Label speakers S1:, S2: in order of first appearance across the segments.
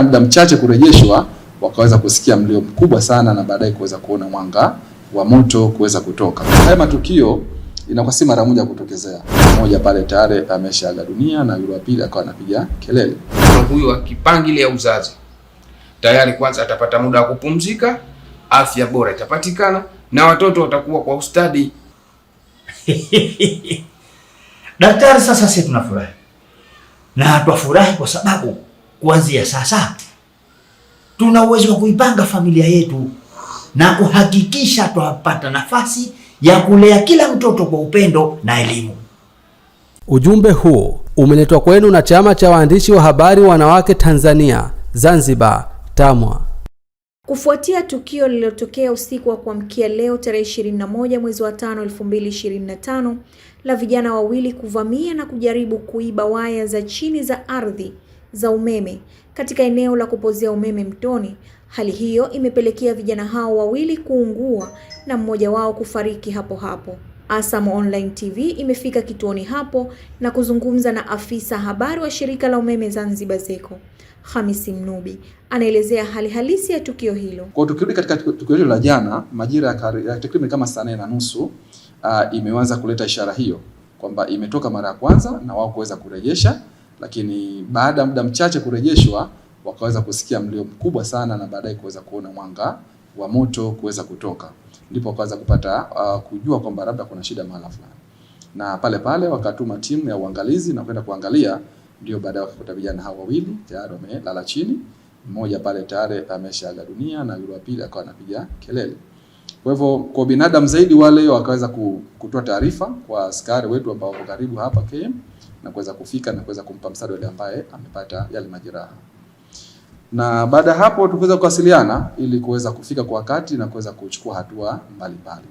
S1: baada ya muda mchache kurejeshwa wakaweza kusikia mlio mkubwa sana na baadaye kuweza kuona mwanga wa moto kuweza kutoka. Haya matukio inakuwa si mara moja kutokezea. Mmoja pale tayari ameshaaga dunia na yule wa pili akawa anapiga kelele.
S2: Huyu akipangi ile ya uzazi tayari kwanza atapata muda wa kupumzika, afya bora itapatikana na watoto watakuwa kwa ustadi.
S3: Daktari, sasa sisi tunafurahi na twafurahi kwa sababu kuanzia sasa tuna uwezo wa kuipanga familia yetu na kuhakikisha twapata nafasi ya kulea kila mtoto kwa upendo na elimu.
S4: Ujumbe huo umeletwa kwenu na Chama cha Waandishi wa Habari Wanawake Tanzania Zanzibar, TAMWA.
S5: Kufuatia tukio lililotokea usiku wa kuamkia leo tarehe 21 mwezi wa 5 2025 la vijana wawili kuvamia na kujaribu kuiba waya za chini za ardhi za umeme katika eneo la kupozea umeme Mtoni. Hali hiyo imepelekea vijana hao wawili kuungua na mmoja wao kufariki hapo hapo. Asam Online TV imefika kituoni hapo na kuzungumza na afisa habari wa shirika la umeme Zanzibar ZECO, Hamisi Mnubi, anaelezea hali halisi ya tukio hilo.
S1: Kwa tukirudi katika tukio hilo la jana majira ya takriban kama saa nne na nusu uh, imeanza kuleta ishara hiyo kwamba imetoka mara ya kwanza na wao kuweza kurejesha lakini baada ya muda mchache kurejeshwa, wakaweza kusikia mlio mkubwa sana na baadaye kuweza kuona mwanga wa moto kuweza kutoka, ndipo wakaweza kupata uh, kujua kwamba labda kuna shida mahala fulani, na pale pale wakatuma timu ya uangalizi na kwenda kuangalia. Ndio baadaye wakakuta vijana hao wawili tayari wamelala chini, mmoja pale tayari ameshaaga dunia na yule wa pili akawa anapiga kelele. Kwa hivyo kwa binadamu zaidi wale wakaweza kutoa taarifa kwa askari wetu ambao wako karibu hapa KM na kuweza kufika na kuweza kumpa msaada yule ambaye amepata yale majeraha. Na baada hapo tukaweza kuwasiliana ili kuweza kufika kwa wakati na kuweza kuchukua hatua mbalimbali.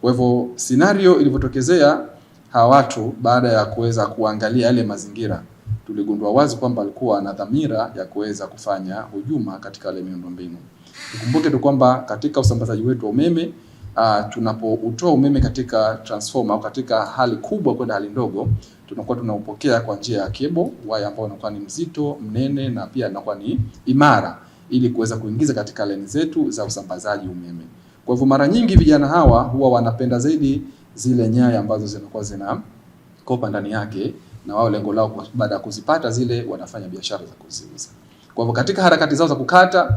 S1: Kwa hivyo scenario ilivyotokezea hawa watu baada ya kuweza kuangalia yale mazingira tuligundua wazi kwamba alikuwa na dhamira ya kuweza kufanya hujuma katika ile miundombinu. Tukumbuke tu kwamba katika usambazaji wetu wa umeme uh, tunapoutoa umeme katika transformer au katika hali kubwa kwenda hali ndogo, tunakuwa tunaupokea kwa njia ya kebo, waya ambao unakuwa ni mzito, mnene na pia unakuwa ni imara, ili kuweza kuingiza katika leni zetu za usambazaji umeme. Kwa hivyo mara nyingi vijana hawa huwa wanapenda zaidi zile nyaya ambazo zinakuwa zina kopa ndani yake na wao lengo lao baada ya kuzipata zile wanafanya biashara za kuziuza. Kwa hivyo katika harakati zao za kukata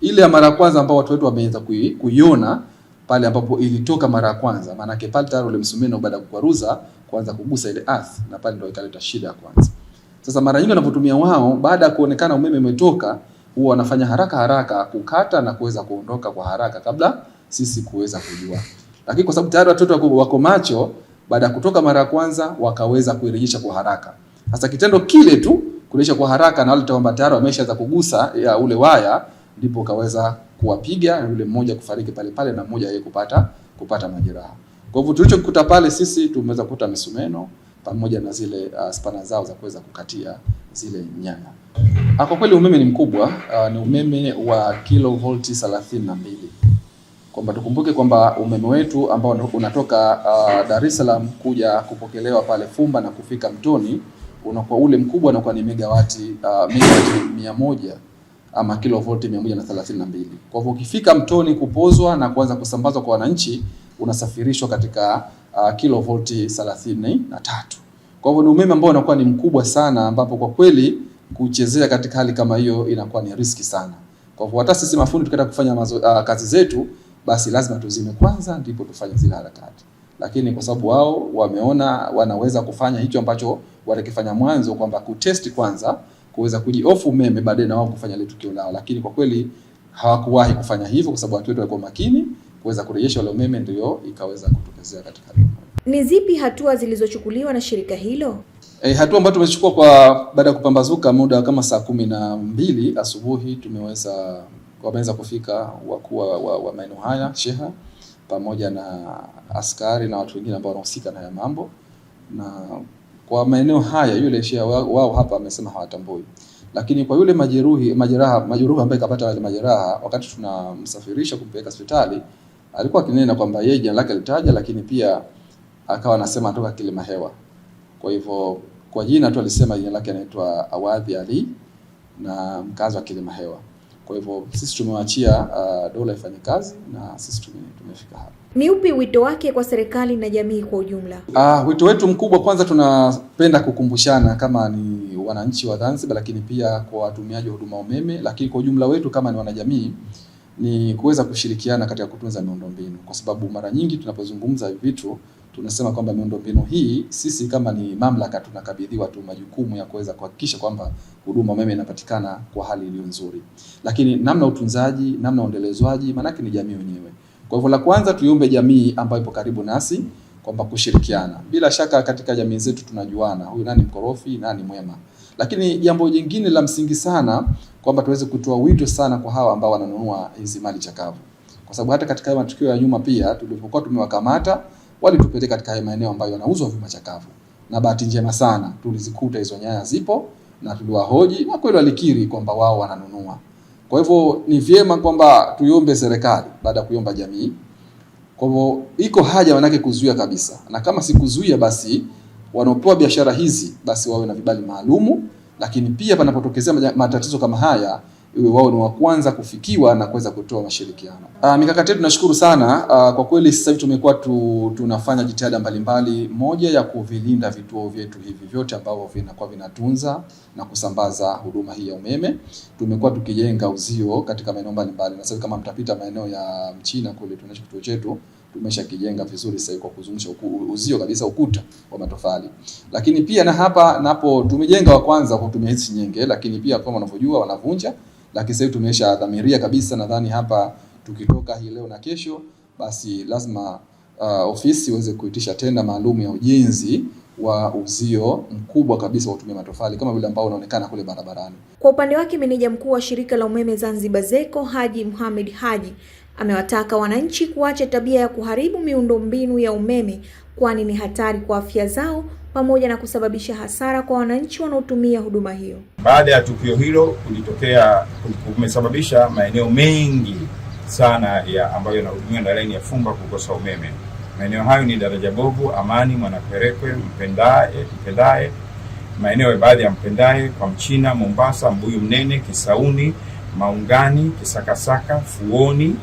S1: ile ya mara ya kwanza ambao watu wetu wameanza kuiona pale ambapo ilitoka mara ya kwanza, maana maanake pale tayari ule msumeno baada ya kukwaruza kuanza kugusa ile ardhi, na pale ndio ikaleta shida ya kwanza. Sasa mara nyingi wanapotumia wao, baada ya kuonekana umeme umetoka, huwa wanafanya haraka haraka kukata na kuweza kuondoka kwa haraka kabla sisi kuweza kujua, lakini kwa sababu tayari watoto wako macho baada ya kutoka mara ya kwanza wakaweza kuirejesha kwa haraka. Sasa kitendo kile tu kurejesha kwa haraka, na kwamba tayari wameshaanza kugusa ya ule waya, ndipo ukaweza kuwapiga na yule mmoja kufariki pale pale na mmoja yeye kupata kupata majeraha. Kwa hivyo tulichokuta pale sisi tumeweza kukuta misumeno pamoja na zile uh, spana zao za kuweza kukatia zile nyaya. Ah, kwa kweli umeme ni mkubwa, uh, ni umeme wa kilovolti 32 kwamba tukumbuke kwamba umeme wetu ambao unatoka uh, Dar es Salaam kuja kupokelewa pale Fumba na kufika Mtoni unakuwa ule mkubwa unakuwa ni megawati uh, megawati mia moja ama kilovolti mia moja na thelathini na mbili. Kwa hivyo ukifika Mtoni kupozwa na kuanza kusambazwa kwa wananchi unasafirishwa katika uh, kilovolti thelathini na tatu. Kwa hivyo ni umeme ambao unakuwa ni mkubwa sana, ambapo kwa kweli kuchezea katika hali kama hiyo inakuwa ni riski sana. Kwa hivyo hata sisi mafundi tukienda kufanya mazo, uh, kazi zetu basi lazima tuzime kwanza, ndipo tufanye zile harakati. Lakini kwa sababu wao wameona wanaweza kufanya hicho ambacho walikifanya mwanzo, kwamba kutesti kwanza kuweza kujiofu umeme baadaye na wao kufanya ile tukio lao, lakini kwa kweli hawakuwahi kufanya hivyo kwa sababu watu wetu walikuwa makini kuweza kurejesha ule umeme, ndio ikaweza kutokezea katika hali.
S5: Ni zipi hatua zilizochukuliwa na shirika hilo?
S1: E, hatua ambayo tumechukua kwa baada ya kupambazuka muda kama saa kumi na mbili asubuhi tumeweza wameweza kufika wakuu wa, wa, wa maeneo haya sheha pamoja na askari na watu wengine ambao wanahusika na haya mambo, na kwa maeneo haya yule sheha wao, wao hapa amesema hawatambui, lakini kwa yule majeruhi majeraha majeruhi ambaye kapata yale majeraha wakati tunamsafirisha kumpeleka hospitali alikuwa akinena kwamba yeye jina lake alitaja, lakini pia akawa anasema anatoka Kilimahewa. Kwa hivyo kwa jina tu alisema jina lake anaitwa Awadhi Ali na mkazi wa Kilimahewa. Kwa hivyo sisi tumewaachia uh, dola ifanye kazi na sisi tume, tumefika hapa.
S5: Ni upi wito wake kwa serikali na jamii kwa ujumla?
S1: Uh, wito wetu mkubwa kwanza, tunapenda kukumbushana kama ni wananchi wa Zanzibar, lakini pia kwa watumiaji wa huduma umeme, lakini kwa ujumla wetu kama ni wanajamii ni kuweza kushirikiana katika kutunza miundombinu, kwa sababu mara nyingi tunapozungumza vitu tunasema kwamba miundombinu hii sisi kama ni mamlaka tunakabidhiwa tu majukumu ya kuweza kuhakikisha kwamba huduma umeme inapatikana kwa hali iliyo nzuri, lakini namna utunzaji, namna uendelezwaji, maanake ni jamii wenyewe. Kwa hivyo la kwanza tuiombe jamii ambayo ipo karibu nasi kwamba kushirikiana. Bila shaka katika jamii zetu tunajuana, huyu nani mkorofi, nani mwema. Lakini jambo jingine la msingi sana kwamba tuweze kutoa wito sana kwa hawa ambao wananunua hizi mali chakavu, kwa sababu hata katika matukio ya nyuma pia tulipokuwa tumewakamata walitupeleka katika maeneo ambayo yanauzwa vyuma chakavu, na bahati njema sana tulizikuta hizo nyaya zipo na tuliwahoji, na kweli walikiri kwamba wao wananunua. Kwa hivyo ni vyema kwamba tuiombe serikali baada ya kuiomba jamii. Kwa hivyo iko haja wanake kuzuia kabisa, na kama sikuzuia basi wanaopewa biashara hizi basi wawe na vibali maalumu, lakini pia panapotokezea matatizo kama haya iwe wao ni wa kwanza kufikiwa na kuweza kutoa mashirikiano. Ah, mikakati yetu tunashukuru sana. a, ah, kwa kweli sasa hivi tumekuwa tu, tunafanya jitihada mbalimbali, moja ya kuvilinda vituo vyetu hivi vyote ambavyo vinakuwa vinatunza na kusambaza huduma hii ya umeme. Tumekuwa tukijenga uzio katika maeneo mbalimbali, na sasa kama mtapita maeneo ya Mchina kule tunacho kituo chetu kijenga vizuri sasa kwa kuzungusha uzio kabisa, ukuta wa matofali. Lakini pia na hapa napo tumejenga wa kwanza kwa kutumia hizi nyenge, lakini pia kama unavyojua wanavunja lakini sasa tumesha dhamiria kabisa, nadhani hapa tukitoka hii leo na kesho, basi lazima uh, ofisi iweze kuitisha tenda maalum ya ujenzi wa uzio mkubwa kabisa wa kutumia matofali kama vile ambao unaonekana kule barabarani.
S5: Kwa upande wake, meneja mkuu wa shirika la umeme Zanzibar ZECO Haji Mohamed Haji Amewataka wananchi kuacha tabia ya kuharibu miundombinu ya umeme kwani ni hatari kwa afya zao pamoja na kusababisha hasara kwa wananchi wanaotumia huduma hiyo.
S6: Baada ya tukio hilo kulitokea, kumesababisha maeneo mengi sana ya ambayo yanahudumiwa na laini ya Fumba kukosa umeme. Maeneo hayo ni Daraja Bovu, Amani, Mwanaperekwe, Mpendae, Mpendae, maeneo ya baadhi ya Mpendae kwa Mchina, Mombasa, Mbuyu Mnene, Kisauni, Maungani, Kisakasaka, Fuoni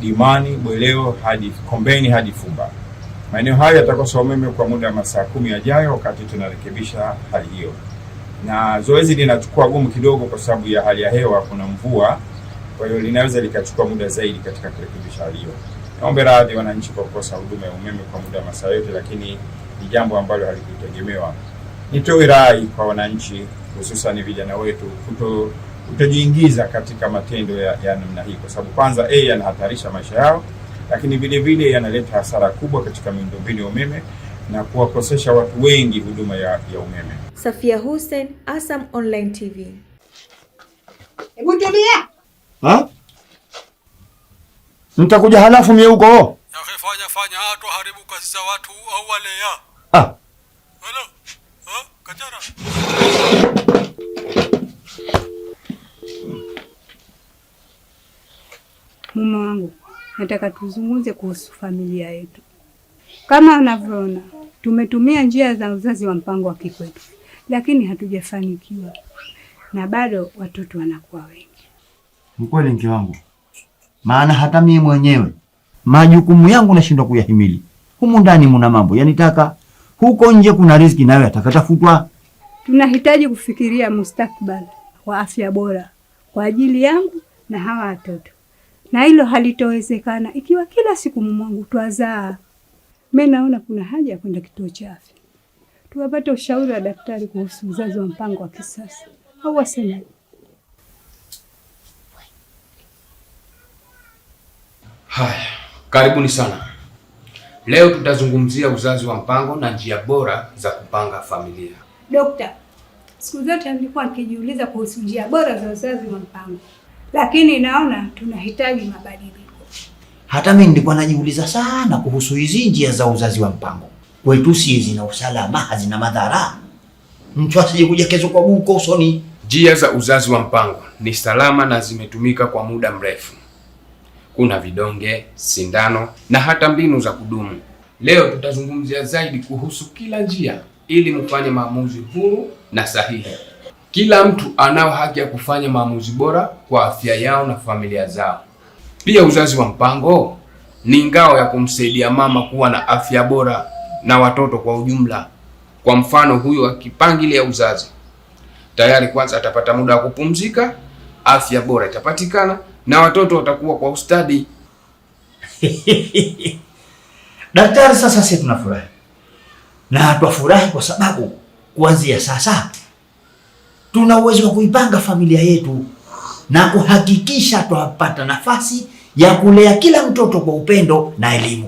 S6: Dimani, Bweleo hadi Kombeni hadi Fumba. Maeneo hayo yatakosa umeme kwa muda wa masaa kumi yajayo, wakati tunarekebisha hali hiyo, na zoezi linachukua gumu kidogo kwa sababu ya hali ya hewa, kuna mvua, kwa hiyo linaweza likachukua muda zaidi katika kurekebisha hali hiyo. Naombe radhi wananchi kwa kukosa huduma ya umeme kwa muda wa masaa yote, lakini ni jambo ambalo halikutegemewa. Nitoe rai kwa wananchi, hususan vijana wetu kuto kutojiingiza katika matendo ya, ya namna hii, kwa sababu kwanza a yanahatarisha maisha yao, lakini vile vile yanaleta hasara kubwa katika miundombinu ya umeme na kuwakosesha watu wengi huduma ya, ya umeme.
S5: Safia Hussein, Asam Online TV.
S7: Hebu tulia.
S8: Ha? Mtakuja halafu mie huko. Ya
S9: fanya fanya hatu haribu kazi za watu au wale ya. Ah. Hello. Ha? Kajara.
S10: mume wangu, nataka tuzungumze kuhusu familia yetu. Kama anavyoona tumetumia njia za uzazi wa mpango wa kikwetu, lakini hatujafanikiwa na bado watoto wanakuwa wengi.
S11: Mkweli mke wangu, maana hata mimi mwenyewe majukumu yangu nashindwa kuyahimili. Humu ndani muna mambo yanitaka, huko nje kuna riziki nayo atakatafutwa.
S10: Tunahitaji kufikiria mustakbal wa afya bora kwa ajili yangu na hawa watoto na hilo halitowezekana ikiwa kila siku mumwangu twazaa. Mi naona kuna haja ya kwenda kituo cha afya tuwapate ushauri wa daktari kuhusu uzazi wa mpango wa kisasa, au waseme
S12: Haya, karibuni sana. Leo tutazungumzia uzazi wa mpango na njia bora za kupanga familia.
S13: Dokta, siku zote nilikuwa nikijiuliza kuhusu njia bora za uzazi wa mpango lakini naona tunahitaji mabadiliko.
S14: Hata mimi nilikuwa najiuliza sana kuhusu hizi njia za uzazi wa mpango kwetu sie zina usalama, hazina madhara, mtu asije kuja kesho kwa buko usoni.
S12: Njia za uzazi wa mpango ni salama na zimetumika kwa muda mrefu. Kuna vidonge, sindano na hata mbinu za kudumu. Leo tutazungumzia zaidi kuhusu kila njia ili mfanye maamuzi huru na sahihi. Kila mtu anao haki ya kufanya maamuzi bora kwa afya yao na familia zao. Pia uzazi wa mpango ni ngao ya kumsaidia mama kuwa na afya bora na watoto kwa ujumla. Kwa mfano, huyu akipangilia uzazi tayari, kwanza atapata muda wa kupumzika, afya bora itapatikana na watoto watakuwa kwa ustadi.
S3: Daktari, sasa sisi tunafurahi na twafurahi kwa sababu kuanzia sasa tuna uwezo wa kuipanga familia yetu na kuhakikisha twapata nafasi ya kulea kila mtoto kwa upendo na elimu.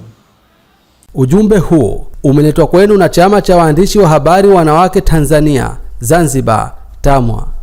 S4: Ujumbe huo umeletwa kwenu na Chama cha Waandishi wa Habari Wanawake Tanzania Zanzibar, TAMWA.